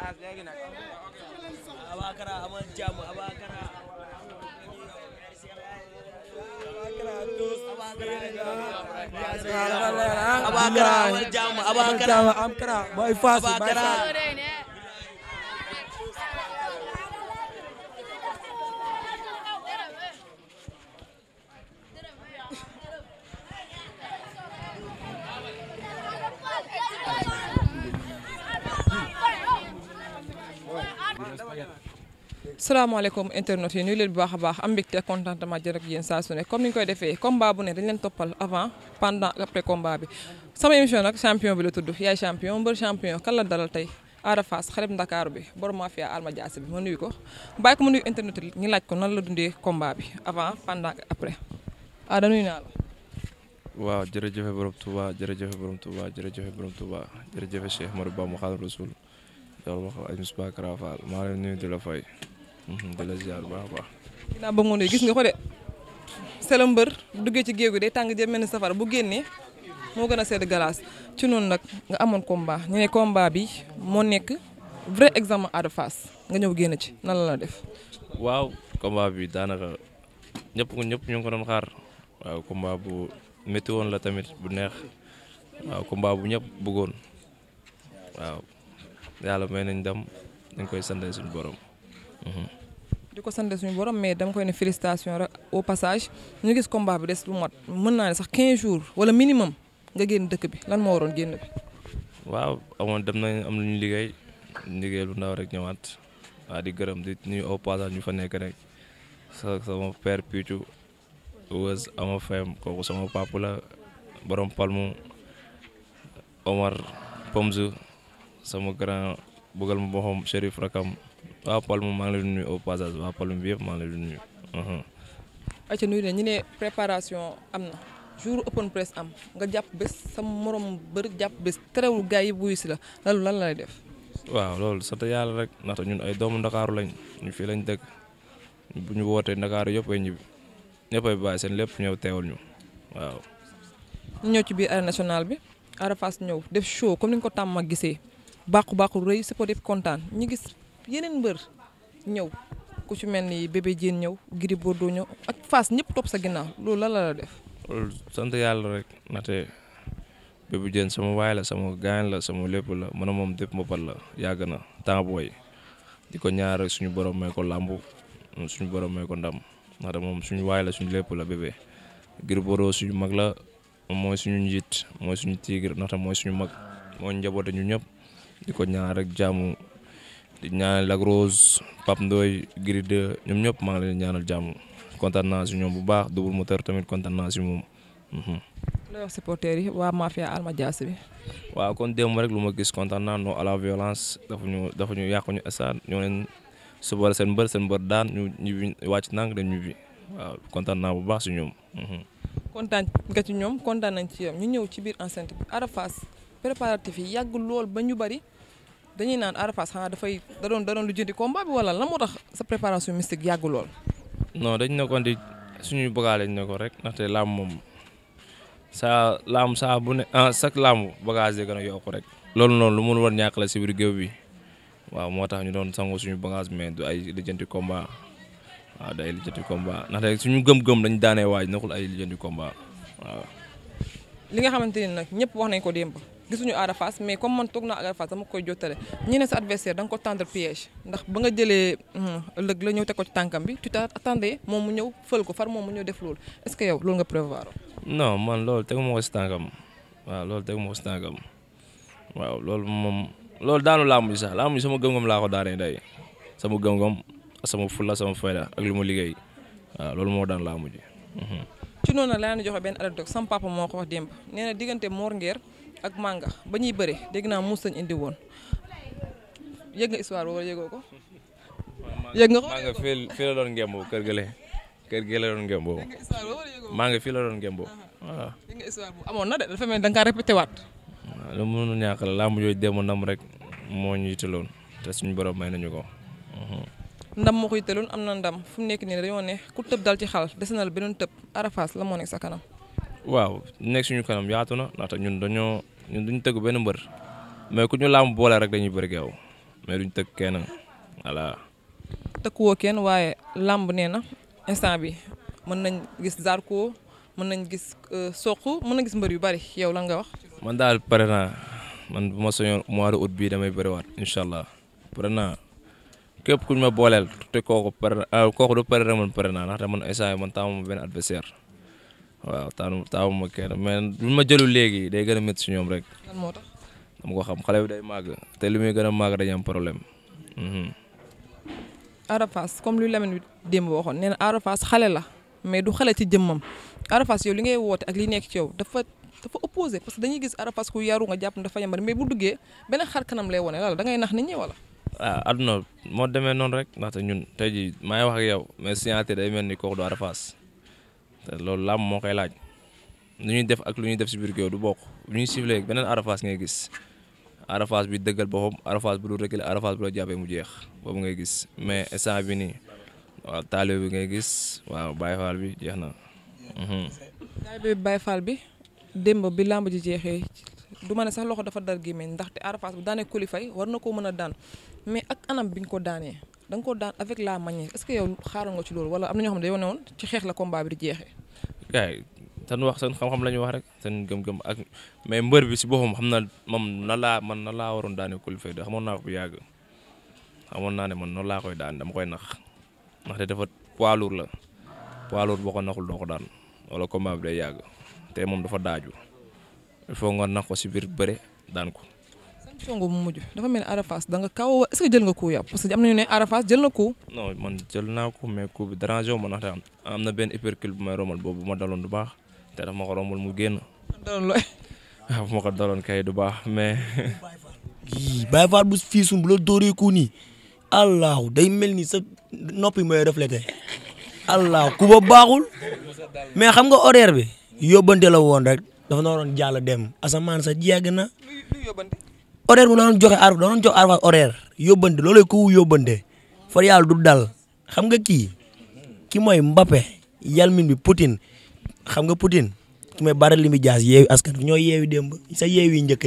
as léegi nag am kara boy salaamaaleykum internet yi nuyu leen bu baax a baax am mbégte contentement jërëk yéen saa su comme ni ñu koy defee combat bu ne dañ leen toppal avant pendant après combat bi sama émission nag champion bi la tudd yaay champion mbër champion kan la dalal tey Ada Fass xareb Ndakaaru bi borom mafia Alma Diassi bi ma nuyu ko bàyyi ko ma nuyu internet yi ñu laaj ko nan la dundee combat bi avant pendant après Ada nuyu naa la waaw jërëjëfe borom Touba jërëjëfe borom Touba jërëjëfe borom Touba jërëjëfe Cheikh Mor Ba mu Xaadimu Rasuul dawal wax Alioune Souba Karafal maa Mhm, di la ziar bu baax a baax. ginnaaw ba mu gis nga ko de sela mbër duggee ci géej gi day tàng jëm mel ni safara bu génnee moo gën a sedd glace ci noonu nag nga amoon combat ñu ne bi moo nekk vrai examen Ada Fass nga ñëw génn ci nan la la def. waaw combat bi daanaka ñëpp ñëpp ñu ngi ko doon xaar waaw combat bu métti la tamit bu neex waaw combat bu ñëpp bëggoon waaw yàlla may nañ dem dañ koy sante suñu borom. di ko sant suñu borom mais dama koy ne félicitation rek au passage ñu gis combat bi des lu mat mën naa ne sax 15 jours wala minimum nga génn dëkk bi lan moo waroon génn bi. waaw amoon dem na am lu ñu liggéey liggéey lu ndaw rek ñëwaat waa di gërëm di nuyu au passage ñu fa nekk rek sa sama père Pichu Wëz ama fayam kooku sama papa la palmu Omar Pomzu sama grand bëggal ma boxam Chérif Rakam. waaw Palma maa ngi lay nuyu au passage waa Palma bi yëpp maa ngi lay nuyu. Uh-huh. ayca nuyu na ñu ne préparation am na jour open press am nga jàpp bés sa morom bëri jàpp bés terewul gars yi buy si la lan lan lay def. waaw loolu sant yàlla rek ndaxte ñun ay doomu ndakaaru lañ ñu fii lañ dëkk ñu wootee ndakaaru yëpp ñibbi ñëpp bàyyi seen lépp ñëw teewul ñu waaw. ñu ñëw ci biir arène nationale bi Ada ñëw def show comme ni ko tàmm gisee bàqu bàqu rëy si ko def kontaan ñu gis. yeneen mbër ñëw ku ci mel ni bébé Diène ñëw Gris Bordeaux ñëw ak Fass ñëpp topp sa ginnaaw loolu la la la def. loolu sant yàlla rek nate bébé Diène sama waay la sama gaañ la sama lépp la man moom dépp mbëppat la yàgg na temps booy ko ñaar suñu borom may ko suñu borom may ndam nate moom suñu waay la suñu lépp la bébé Gris Bordeaux suñu mag la. mooy suñu njiit mooy suñu tigre ndaxte mooy suñu mag mooy njaboot ñu ñëpp di ko rek jaamu di ñaanal Lac Rose Pape Ndoye Gris 2 ñoom ñëpp maa ngi leen ñaanal jàmm kontaan naa si ñoom bu baax double moteur tamit kontaan naa si mhm. lu ma gis kontaan naa non à la violence dafa ñu dafa ñu yàqu ñu estade ñoo leen subal seen mbër seen mbër ñu ñibbi wàcc nang dañ ñibbi waaw kontaan bu baax si mhm. ñu ñëw ci biir enceinte bi Ada Fass préparatifs yi yàgg lool ba ñu bari. dañuy naan Ada Fass xanaa dafay da doon da doon lu jëndi wala lan moo tax sa préparation mystique yàggu lool. non dañ nekkoon di suñuy bagages lañ ne ko rek ndaxte laam moom saa laam saa bu ne ah chaque laamu bagage yi yokku rek. loolu noonu lu mun woon ñàkk la si biir wi waaw moo tax ñu doon sangu suñu bagage mais du ay lijjanti combat waaw du ay lijjanti combat ndaxte suñu gëm-gëm dañ daanee waaj nekkul ay lijjanti komba waaw. li nga xamante ne nag ñëpp wax nañ ko démb gisuñu Ada Fass mais comme man toog naa Ada Fass dama koy jottale ñi sa adversaire da ko tendre piège ndax ba nga jëlee hmm, lëg la ñëw teg ko ci tànkam bi tu t'attendais moom mu ñëw fël ko far moom mu ñëw def loolu est-ce que yow loolu nga prévoir non man loolu tegu ma si tànkam waaw loolu tegu ma ko si tànkam waaw loolu moom loolu daanu laamu ji sax laamu ji sama gëm-gëm laa ko daanee day sama gëm-gëm sama fulla sama fayda ak lu ma liggéey waaw loolu moo daan laamu ji mhm. ci noonu la leen joxe benn anecdote sama moo ko wax démb nee na diggante ak manga ba ñuy bëre dégg naa muus lañ indi woon yëg nga histoire boobu wala yëgoo ko. yëg nga ko fii la doon ngemboo kër gële kër gële la doon ngemboo maa nga fii la doon ngemboo waaw. yëg na de dafa mel da nga la laa mu jooju rek moo ñu yitaloon te suñu borom may nañu ko. ndam moo ko yitaloon am na ndam fu mu nekk nii dañoo ne ku tëb dal ci xal desenal beneen tëb Arafaas la moo nekk sa kanam. waaw nekk suñu kanam yaatu na ndaxte ñun dañoo ñun duñ tëgg benn mbër mais kuñu ñu làmb boole rek dañuy bëri geew mais duñ tëgg kenn voilà. tëkkuwoo kenn waaye làmb nee na instant bi mën nañ gis Zarko mën nañ gis euh, soq mën nañ gis mbër yu bari yow la nga wax. man daal pare naa man bu ma soñoon mois de août bii damay bëriwaat incha allah pare naa képp ku ñu ma booleel te kooku pare ah, kooku du pare rek man pare naa ndaxte man instant man taamu benn adversaire. waaw taanu taamu ma kenn mais bu ma jëlu léegi day gën a métti si rek. lan moo tax dama ko xam xale bi day màgg te li muy gën màgg dañuy am problème. Mhm. Arafas comme lu Lamine démb waxoon nee na xale la mais du xale ci jëmmam Arafas yow li ngay woote ak li nekk ci yow dafa dafa opposé parce que dañuy gis Arafas ku yaru nga jàpp dafa yambar mais bu duggee beneen xar kanam lay wane la da ngay nax nit ñi wala. waaw ah, moo demee noonu rek ndaxte ñun tey jii maa ngi wax ak yow mais signaté day mel ni kooku du Arafas. te loolu làmb moo koy laaj lu ñuy def ak lu ñuy def si biir géew du bokk lu ñuy siffler beneen arafaas ngay gis arafaas bi dëggal boppam arafaas bu dul reculer arafaas bu la jàppee mu jeex boobu ngay gis mais instant bi nii waaw bi ngay gis waaw Baye Fall bi jeex na. Mhm. taalibe bi Baye bi démb bi làmb ji jeexee du ma ne sax loxo dafa dar gémmiñ ndaxte arafaas bu daanee kulifay war na koo mën a daan mais ak anam bi nga ko daanee. da nga ko daan avec la manière est-ce que yow xaaroon nga ci loolu wala am na ñoo xam ne yow ne woon ci xeex la combat bi di jeexee. gaay seen wax seen xam-xam la ñu wax rek seen gëm-gëm ak mais mbër bi si boppam xam na moom na laa man na laa waroon daane Coly Faye de xamoon naa bu yàgg xamoon naa ne man noonu laa koy daan dama koy nax ndax de dafa poids la poids lourd boo ko naxul doo ko daan wala combat bi day yàgg te moom dafa daaju il faut nga nax ko si biir bëre daan ko. songo mu mujj dafa mel ni Arafaas da nga kaw est-ce que jël nga ko yow parce que am nañu ne man jël naa ko mais coup bi dérangé wu benn hypercule bu ma daloon du baax te ma mu génn. daloon du baax mais. yii Baye Fall fii suñ bu la dóoree allahu day mel ni sa noppi mooy reflété allahu ku ba baaxul mais xam nga horaire bi yóbbante woon rek dafa na waroon jàll dem asamaan sa yàgg horaire bu doon joxe aar doon jox aar horaire yóbbante loolay du dal xam nga kii ki mooy Mbappé yalmin bi Poutine xam nga Poutine ki mooy Barthélémy Dias yeewi askan wi ñooy yeewi démb sa yeewi njëkk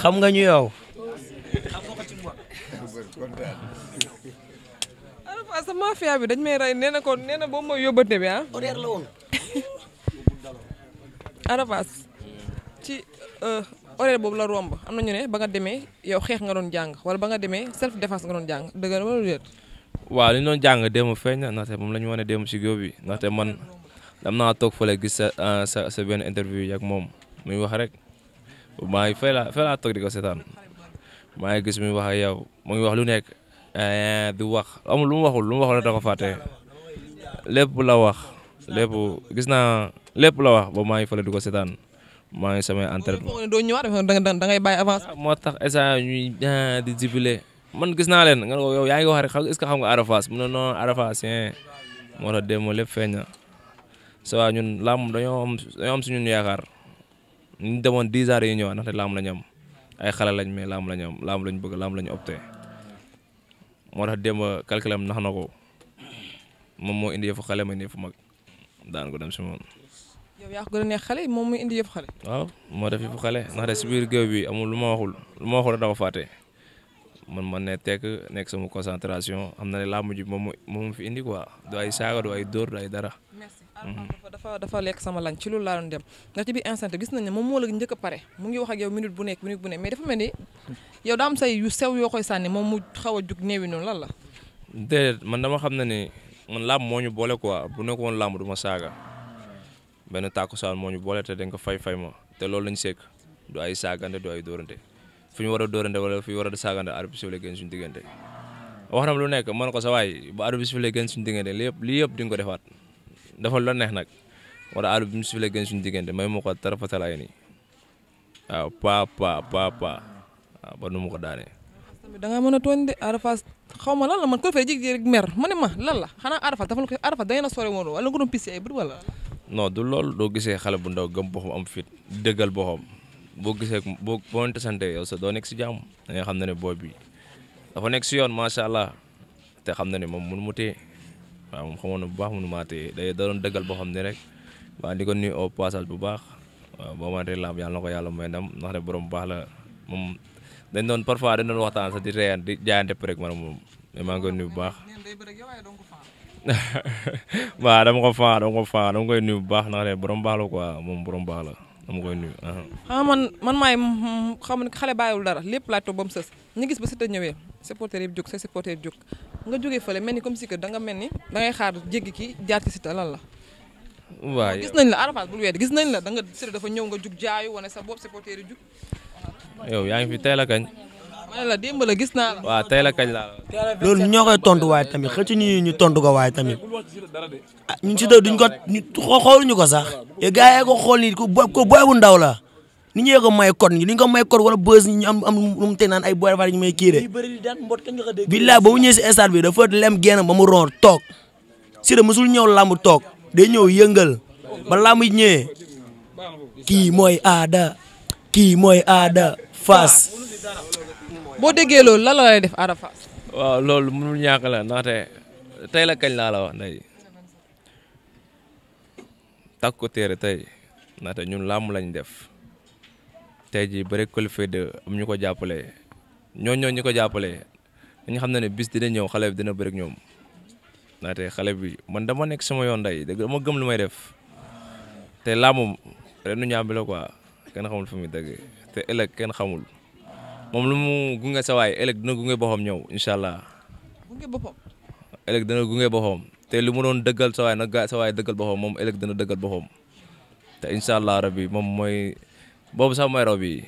xam nga ñu yow. waaw sa mafia bi dañ may rey ah. la woon. Euh, horaire boobu la romb am na ñu ne ba nga demee yow xeex nga doon jàng wala ba nga demee self defas nga doon jàng dëgg la wala déet. waaw li ñu doon jàng démb feeñ na ndaxte moom la ñu wane démb si góob bi ndaxte man dam naa toog fële gis sa ah, sa benn interview yi moom muy wax rek maa ngi fay laa fay toog di ko seetaan maa ngi gis muy wax ak yow mu ngi wax lu nekk eh, di wax amul lu waxul lu mu waxul da ko fàtte lépp la wax lépp gis naa lépp la wax ba maa ngi fële di ko seetaan. maa ngi samay entraînement doo ñëwaat da ngay bàyyi avance. Ah, moo tax instant ñuy ah, di jubilé man gis naa leen nga ne yaa ngi wax rek est-ce que xam nga Arafas mu ne moo tax démb lépp feeñ ñun làmb dañoo am dañoo am suñu yaakaar ñu demoon dix heures yi ñëwaat ndaxte làmb lañu am ay xale lañ mais làmb lañu am làmb lañ bëgg làmb lañu opté moo tax démb calculam nax na ko moom moo indi yëfu xale ma indi yëfu mag daan ko dem si moom. yow yaa ko gën a neex xale moom muy indi yëpp xale. waaw moo def yëpp xale ndax de si biir géew bi ma waxul lu ma waxul man man ne tekk nekk sama concentration am na ne làmb ji moom moom fi indi quoi du ay ay dóor du ay dara. merci mhm. dafa dafa lekk sama lañ ci loolu laa doon dem ndax ci biir instant gis nañ ne moom moo la njëkk a pare mu yow minute bu nekk bu nekk mais dafa mel yow daa am say yu sew yoo koy sànni moom mu xaw a jug néewi noonu lan la. déedéet man dama xam ne ni man làmb moo ñu boole quoi bu nekkoon làmb du ma saaga. benn tàkkusaan moo ñu boole te ko fay fay ma te loolu ñu sekk du ay saagante du ay dóorante fu ñu war a dóorante wala fu ñu war a saagante arbitre sifflé génn suñu diggante wax na lu nekk mën ko sa waay ba arbitre sifflé génn suñu diggante li yëpp li yëpp di ko defaat dafa la neex nag wala arbitre sifflé génn suñu diggante may mu ko tarafatal ay nii waaw pa pa pa pa nu mu ko daanee da nga mën a tooñ de xaw ma lan la man ko fay jig rek mer ma ma lan la xanaa arafas dafa la ko arafas day na sore woon wala nga doon pisse ay bët wala non du loolu doo gisee xale bu ndaw gëm boppam am fit dëggal boppam boo gisee boo boonte sante yow sa doo nekk si jàmm da xam na ne boo bi dafa nekk si yoon macha allah te xam na ni moom mënu mu téye waaw moom xamoon na bu baax mënu maa téye da doon dëggal boo xam ne rek waa di ko nuyu au bu baax waaw boo mante laam yàlla na ko yàlla may ndam ndax ne borom baax la moom dañ doon parfois dañ doon waxtaan sax di reyan di jaayante prek man moom mais maa ngi bu baax waaw dama ko faa dama ko faa dama koy nuyu bu baax ndax borom baax la moom borom baax la dama uh-huh. ah, man man maay mm, mm, xam ne xale bàyyiwul dara lépp laaj toog ba mu sës ñu gis ba si te ñëwee supporter yëpp jóg sa supporter jóg nga jógee fële mel ni comme si que da nga mel ni dangay xaar jéggi ki jaar ci si te lan la. waaw gis nañ la Arafat bul wedd gis nañ la danga nga dafa ñëw nga jug jaayu wane sa bopp supporter yi jug. yow yaa ngi fi teel a kañ. ma ne la démb la gis naa la. waaw tey la kañ laa la. loolu ñoo koy tontu waaye tamit xëcc ñu ñu tontu ko waaye tamit ah ñun si duñ ko xooluñu ko sax. gars yi ko xool nii ku ko booy bu ndaw la ni ñee ko may code ñu ni ñu ko may code wala bës ñu am am lu mu teg naan ay booy rafet ñu may kii de. billaay ba mu ñëw si stade bi dafa lem génn ba mu ron toog si de mosul ñëw làmb toog day ñëw yëngal ba làmb yi ñëwee kii mooy aada kii mooy aada Fass. boo déggee loolu lan la lay def arafa waaw loolu mënul ñàkk la ndaxte tey la kañ laa la wax takk ko téere tey ndaxte ñun làmb lañu def tey jii bëri qualifié de am ñu ko jàppale ñoo ñoo ñu ko jàppale dañu xam na ne bis dina ñëw xale bi dina bëri ñoom ndaxte xale bi man dama nekk sama yoon ndey dëgg dama gëm lu may def te làmb ren nu ñaambi la quoi kenn xamul fu muy dëgg te ëllëg kenn xamul. moom lu mu gunge sa waay ëllëg dina gunge boppam ñëw incha allah. gunge boppam. ëllëg dina te lu mu doon dëggal sa waay nag gaa sa waay dëggal boppam moom ëllëg dana dëggal boppam te incha allah rabbi moom mooy boobu sax mooy raw bi.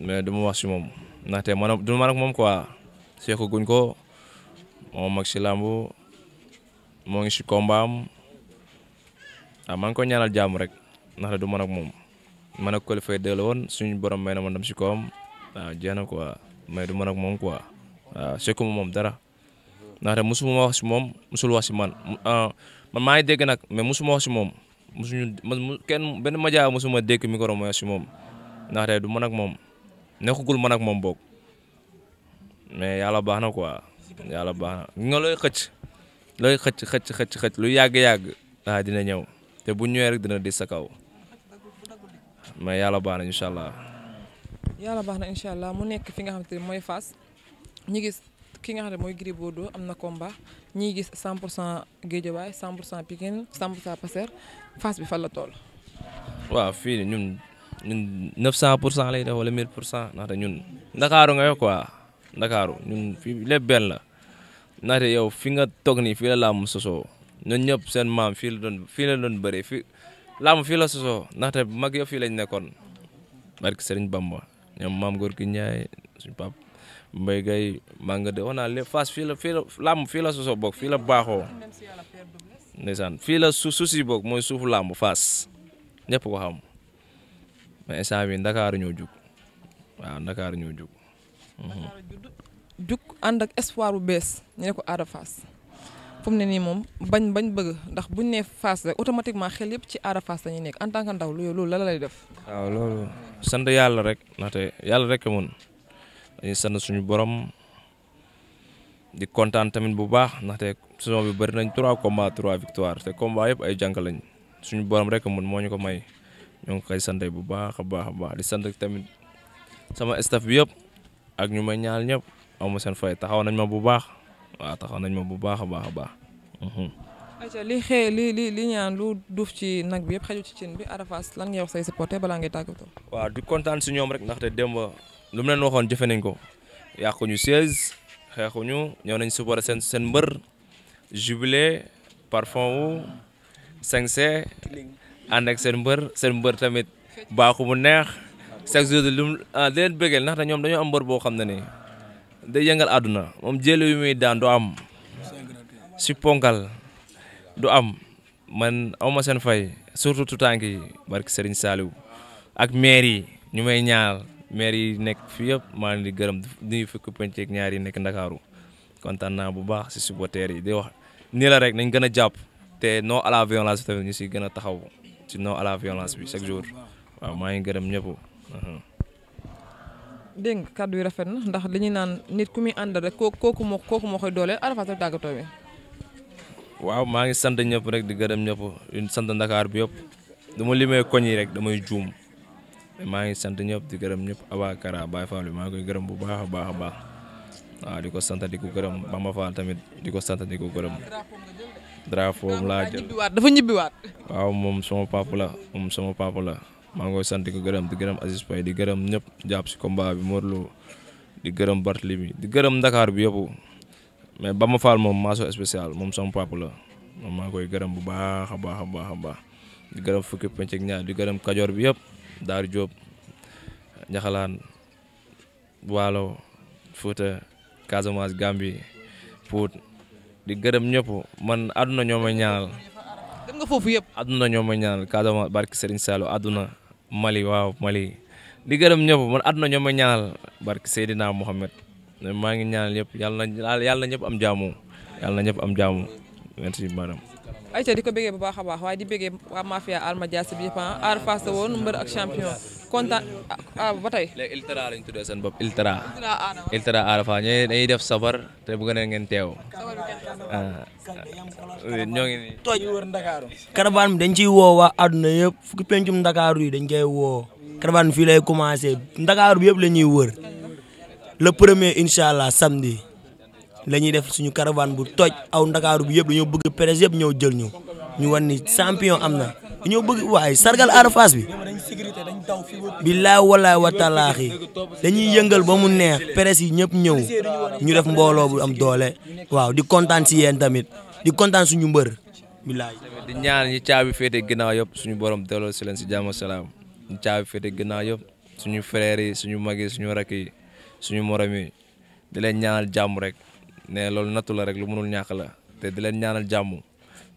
mais du ma wax si moom ndaxte man du ma man ak moom quoi seeku guñ ko moom mag si làmb moo ngi si kombaam ah maa ngi ko ñaanal jàmm rek ndaxte du man moom. man ak qualifié deux la woon suñu borom may na ma ndam si kawam waaw jeex na quoi mais du man ak moom quoi waaw ma moom dara ndaxte mosuma ma wax si moom mosul wax si man ah, man maa ngi dégg nag mais mosuma wax si moom mosuñu man kenn benn maja mosuma dégg micro mooy si moom ndaxte du man ak moom nekkagul ma ak moom boog mais yàlla baax na quoi yàlla baax na nga looy xëcc looy xëcc xëcc xëcc xëcc lu yàgg-yàgg ah dina ñëw te bu ñëwee rek dina di sa kaw. mais yàlla baax na incha allah. yàlla baax na incha allah mu nekk fi nga xam ne mooy fas ñi gis ki nga xam ne mooy Gris doo am na komba ñi gis 100 pour cent Guédiawaye 100 pour cent Pikine 100 pour cent Passer Fass bi fa la toll. waaw fii ñun ñun cent pour cent lay de wala 1000 pour cent ndaxte ñun Ndakaaru nga yo quoi Ndakaaru ñun fii lépp la ndaxte yow fi nga toog nii fii la laamu sosoo ñun ñëpp seen maam fii la doon fii la doon fii. laamu fii la sosoo ndaxte mag yëpp fii lañ nekkoon barki Serigne Bamba ñoom maam góor gi Ndiaye suñu pap Mbaye Guèye maa nga de wax fii la fii la laamu fii la sosoo boog fii la baaxoo ndeysaan fii la su suuf mooy suufu laamu Fass ñëpp ko xam mais instant bi Ndakaaru ñoo jug waaw Ndakaaru ñoo jug. Mhm. jug ànd ak espoir bu bees ñu ko Ada Fass fu ne nii moom bañ bañ bëgg ndax buñ ne Fass rek automatiquement xel yëpp ci aara fas lañuy nekk en tant que ndaw loolu la lay def. waaw loolu sant yàlla rek ndaxte yàlla rek moom dañuy sant suñu borom di kontaan tamit bu baax ndaxte saison bi bëri nañ trois combats trois victoire te combats yëpp ay jànk lañ suñu borom rek moom moo ñu ko may ñoo ngi koy sant bu baax a baax a baax di sant tamit sama staff bi yëpp ak ñu may ñaal ñëpp amu seen fay taxaw nañ ma bu baax. waaw taxaw nañ ma bu baax a baax a baax. Mhm. ayca li xee li li li ñaan lu duuf ci nag bi yëpp xaju ci cin bi Ada Fass lan ngay wax say supporter balaa ngay tàggatoo. waa di kontaan si ñoom rek ndaxte démb lu mu leen waxoon jëfe nañ ko yàquñu siège xeexuñu ñëw nañ supporter seen seen mbër jubilé parfum wu sengse ànd ak seen mbër seen mbër tamit baaxu mu neex chaque jour ah, di leen bëggeel ndaxte ñoom dañoo am mbër boo xam ne nii. day yëngal àdduna moom jële yu muy daan du am si ponkal du am man awma seen fay surtout tutànk yi barki Serigne Saliou ak maire yi ñu may ñaar maire yi nekk fii yëpp maa ngi di gërëm di fukki penc ak ñaar yi nekk Ndakaaru kontaan naa bu baax si suboteer yi day wax nii la rek nañ gën a jàpp te non à la violence bi ñu si gën a taxaw ci non à la violence bi chaque jour waaw maa ngi gërëm ñëpp dégg nga kàddu yi rafet na ndax li naan nit ku muy àndal rek kooku moo kooku moo koy dooleel Ada Fass tàggatoo bi. waaw maa ngi sant ñëpp rek di gërëm ñëpp di sant yëpp du ma limee koñ rek damay juum maa ngi sant ñëpp di gërëm ñëpp Aba Kara Baye maa ngi gërëm bu baax a baax a baax di ko sant di tamit di ko sant di laa jël dafa ñibbiwaat. moom sama papa la moom sama papa la. maa koy sant ko gërëm di gërëm Aziz di gërëm ñëpp jàpp si combat bi di gërëm Barthélémy bi di gërëm ndakaaru bi yëpp mais Bamba Fall moom maaso spécial moom sama papa la moom maa koy gërëm bu baax a baax a baax a baax di gërëm fukki penc ak ñaar di gërëm Kajoor bi yëpp Daaru joob Njaxalaan Waalo Fuuta Casamance Gambie Pout di gërëm ñëpp man àdduna ñoo may ñaanal. dem nga foofu yëpp. àdduna ñoo may ñaanal Casamance barki Serigne Sallou àdduna. Mali waaw Mali di gërëm ñëpp man àdduna ñoo ma ñaanal barke Seydina Mohamed maa ngi ñaanal ñëpp yàlla na yàlla ñëpp am jaamu yàlla na ñëpp am jaamu merci madame. ayca di ko bëggee bu baax a baax waaye di bëggee waa mafia Almadies bi yëpp Aar Fass woon mbër ak champion. kontaan ah, ah ba tey. léegi Iltara lañ tuddee seen bopp Iltara. Iltara Arafa ñooy dañuy def sabar te bu gënee ngeen teew. Ah, ah, ñoo ngi nii. dañ ciy woo àdduna yëpp fukki pencum Ndakaaru yi dañ koy woo. caravane fii la commencé Ndakaaru bi yëpp la ñuy wër le premier incha allah samedi la ñuy def suñu caravane bu toj aw Ndakaaru bi yëpp dañoo bëgg presse yëpp ñëw jël ñu ñu wan ni champion am na waaye sargal Arafaas bi. billaa walaay wa talaaxi dañuy yëngal ba mu neex presse yi ñëpp ñëw ñu def mbooloo bu am doole waaw di kontaan si yéen tamit di kontaan suñu mbër billaay di ñaan ñi bi féete ginnaaw yëpp suñu borom delloo si leen si jàmm salaam ñi caabi féete ginnaaw yëpp suñu frères yi suñu mag yi suñu rakk yi suñu morom di leen ñaanal jàmm rek ne loolu nattu la rek lu mënul ñàkk la te di leen ñaanal jàmm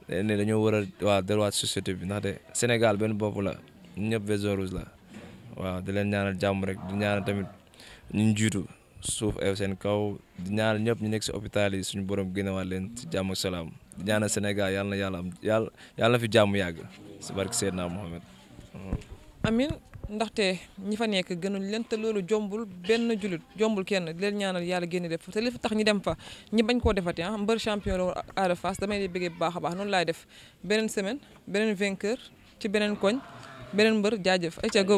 ne dañoo war a waa delluwaat société bi ndaxte Sénégal benn bopp la ñëpp la. waaw di leen ñaanal jàmm rek di ñaanal tamit ñu ñu jiitu suuf ew seen kaw di ñaanal ñëpp ñu nekk si hôpital yi suñu borom génnewaat leen si jàmm ak salaam di ñaanal Sénégal yàlla na yàlla yàlla yàlla fi jàmm yàgg si barke Seydina Mohamed. amin ndaxte ñi fa nekk gënuñ leen te loolu jombul benn julit jombul kenn di leen ñaanal yàlla génn def te li tax ñu dem fa ñi bañ koo defati ah mbër champion la woon Ada Fass damay bëggee bu baax a baax noonu laay def beneen semaine beneen vainqueur ci beneen koñ. beneen mbër jaajëf ayca go